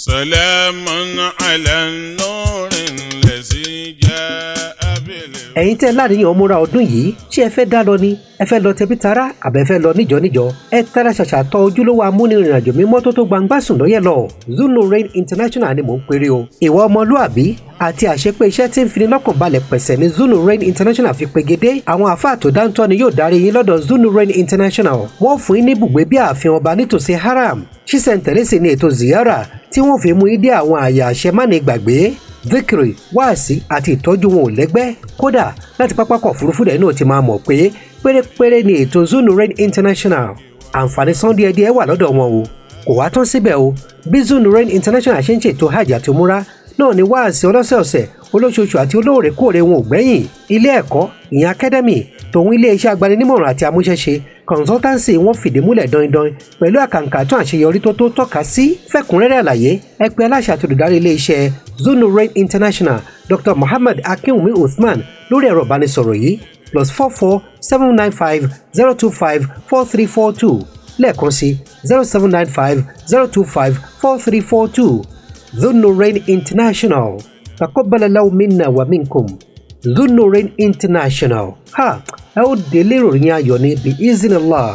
ẹ̀yin tẹ́ láàrin ọmúra ọdún yìí ṣé ẹ fẹ́ dá lọ ni ẹ fẹ́ lọ tẹbí tará àbẹ̀ fẹ́ lọ níjọ níjọ ẹ tara ṣàṣà tọ ojúlówó amúnirìnàjò mímọ́ tó tó gbangba sùn lọ́yẹ̀ lọ Zulurein International ni mò ń pèrè o ìwà ọmọlúàbí àti àṣepé iṣẹ́ tí ń fini lọ́kàn balẹ̀ pẹ̀sẹ̀ ní Zulurein International fi pegedé àwọn àáfàá tó dáńtọ́ ni yóò darí yín lọ́dọ̀ Zulurein International wọ́n fún yín ní ibùgbé bí ààfin ọba nítòsí haram ṣíṣẹ̀ntẹ̀lẹ́sì ni ètò ziyara tí wọ́n fi mú yín dé àwọn àyè àṣẹ mánigbàgbé zikiri wáàsí àti ìtọ́jú wọn ò lẹ́gbẹ́ kódà láti pápákọ̀ òfurufú dẹ̀ náà ti máa mọ̀ pé pérépéré ni ètò Zunurain International àǹfààní sọ́ndíẹ̀díẹ̀ wà lọ́dọ̀ wọn o kò wá tán síbẹ̀ o bí Zunurain International ṣe ń ṣètò hajj àti múra náà ni wáàsí ọlọ́sẹ̀ọ̀sẹ̀ olóṣooṣù àti olóòrèkóòrè wọn ò gbẹ́yìn ilé ẹ̀kọ́ ìyẹn academy tòun ilé iṣẹ́ agbaninímọ̀ràn àti amúṣẹ́ṣe consultancy wọn fìdí múlẹ̀ dandan pẹ̀lú àkàǹkà tó àṣeyọrí tó tó tọ́ka sí fẹ́kúnrẹ́rẹ́ àlàyé ẹgbẹ́ aláṣà tó dùdarí iléeṣẹ́ Zonurain International Dr. Muhammad Akinwumi Usman lórí ẹ̀rọ ìbánisọ̀rọ̀ yìí plus four four seven nine five zero two five four three four two lẹ́ẹ̀kan sí zero seven nine five zero two five four three four two Zonurain International takobalalau minna wa minkum Zonurain International ha ẹ ó délé ìròyìn ayọ̀ ní bí izinillah